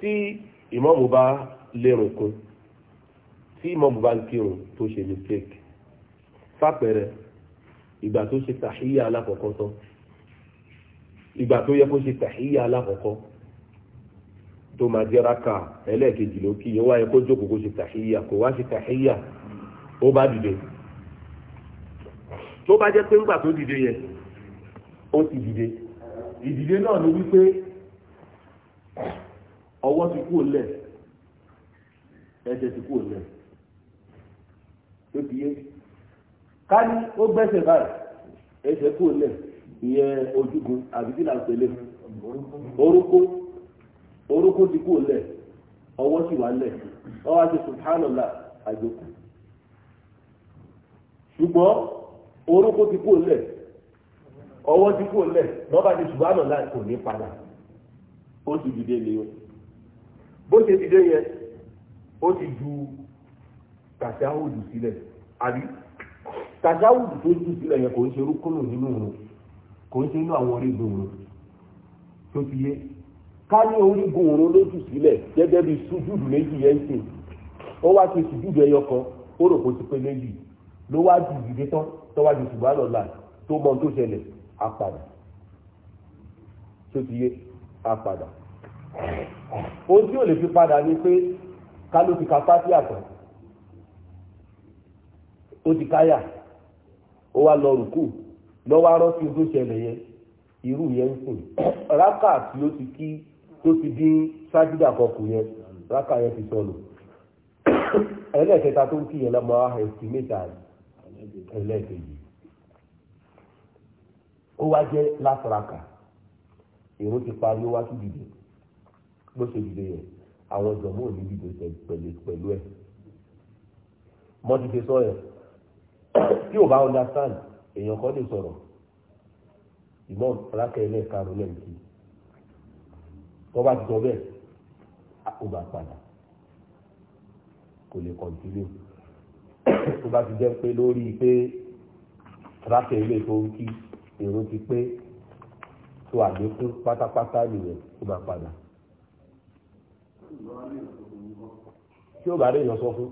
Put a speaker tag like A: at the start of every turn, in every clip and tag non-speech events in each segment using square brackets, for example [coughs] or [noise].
A: tí ìmáàmù bá lérun kún tí ìmáàmù bá ń kírun tó ṣe mistake fàpẹẹrẹ ìgbà tó ṣe tàhíyà alákọ̀ọ́kọ́ tán ìgbà tó yẹ kó ṣe tàhíyà alákọ̀ọ́kọ́ tó máa jẹ́ raka ẹlẹ́ẹ̀kejì ló kí yẹn wáyé kó jókòó kó ṣe tàhíyà kó wá ṣe tàhíyà ó bá dìde tó bá jẹ́ pé ńgbà tó dìde yẹn ó ti dìde ìdìde náà ni wípé ọwọ́ ti kú òlẹ̀ ẹsẹ̀ ti kú òlẹ̀ tó ti yé ká ní ó gbẹ́sẹ̀ báyìí ẹsẹ̀ kú òlẹ̀ ìyẹn ojúgun àbí kí là ń pèlè orúkọ orúkọ ti kú òlẹ̀ ọwọ́ sì wà lẹ̀ ọwọ́ àti subhanallah àjòkù ṣùgbọ́n orúkọ ti kú òlẹ̀ ọwọ́ ti kú òlẹ̀ lọ́ba ti subhanallah kò ní padà ó ti dìde nìyẹn bó ṣe ti dé yẹn ó ti ju tàṣáhùdù sílẹ̀ àbí tàṣáhùdù tó jù sílẹ̀ yẹn kò ń ṣe rúkúnù nínú òun kò ń ṣe inú àwọn orígun òun tó ti yé ká ní orígun òun ló jù sílẹ̀ gẹ́gẹ́ bí sùjúdù méjì yẹn ń ṣe ó wá ṣe sùjúdù ẹyọ kan ó rò kó ti pé méjì ló wá ju ìdílé tán tó wá ju ṣùgbọ́n lọ́la tó mọ tó ṣẹlẹ̀ apàdà tó ti yé apàdà. o tí o lè fi padà ní pé ká ló ti ka fásitì àtọ̀ o ti káyà ó wá lọ rùkù lọ́wọ́ arọ́tí tó ṣẹlẹ̀ yẹn irú yẹn ń sìn [coughs] rákà tí ó ti kí tó ti dín sájúdà kọkù yẹn rákà yẹn ti sọnù [coughs] ẹlẹ́ẹ̀kẹta tó ń kí lọ́mọ ẹ̀sìmẹ́ta ó wá jẹ́ lásìrákà ti parí ó bó ṣe dìde yẹn àwọn ìjọ̀mú ò ní dìde pẹ̀lú pẹ̀lú ẹ̀ mọ́ ti ṣe sọ tí ò bá understand èèyàn kan lè sọ̀rọ̀ ìmọ̀ alákẹ́ ilé karùn-ún lẹ́yìn tó bá ti sọ bẹ́ẹ̀ ó bá padà kò lè kọ̀ntínú tó bá ti jẹ́ pé lórí pé alákẹ́ ilé tó ń kí èrò ti pé tó àlékún pátápátá nìyẹn ó máa padà. tí ó bá rí sọ fún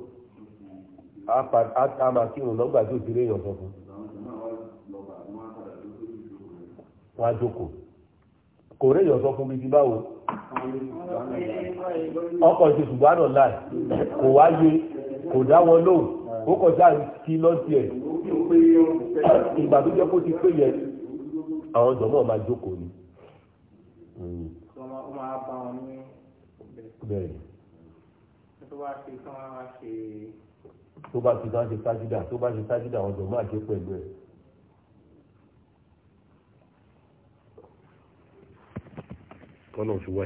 A: a máa kírun lọ́gbà tí ò ti rí èèyàn sọ fún wọn jókòó kò rí sọ fún bí ti báwo ọkọ̀ ti ṣùgbọ́n náà láì kò wáyé kò dá wọn lóhùn ó kọjá kí lọ́sí ẹ̀ ìgbà tó jẹ́ ti pé bẹ́ẹ̀ tó bá ṣe tán wá ṣe tó bá ti tán ṣe sájídà tó bá ṣe sájídà wọn jọ máa ṣe pẹ̀lú ẹ̀. kọ́nà òṣùwẹ̀.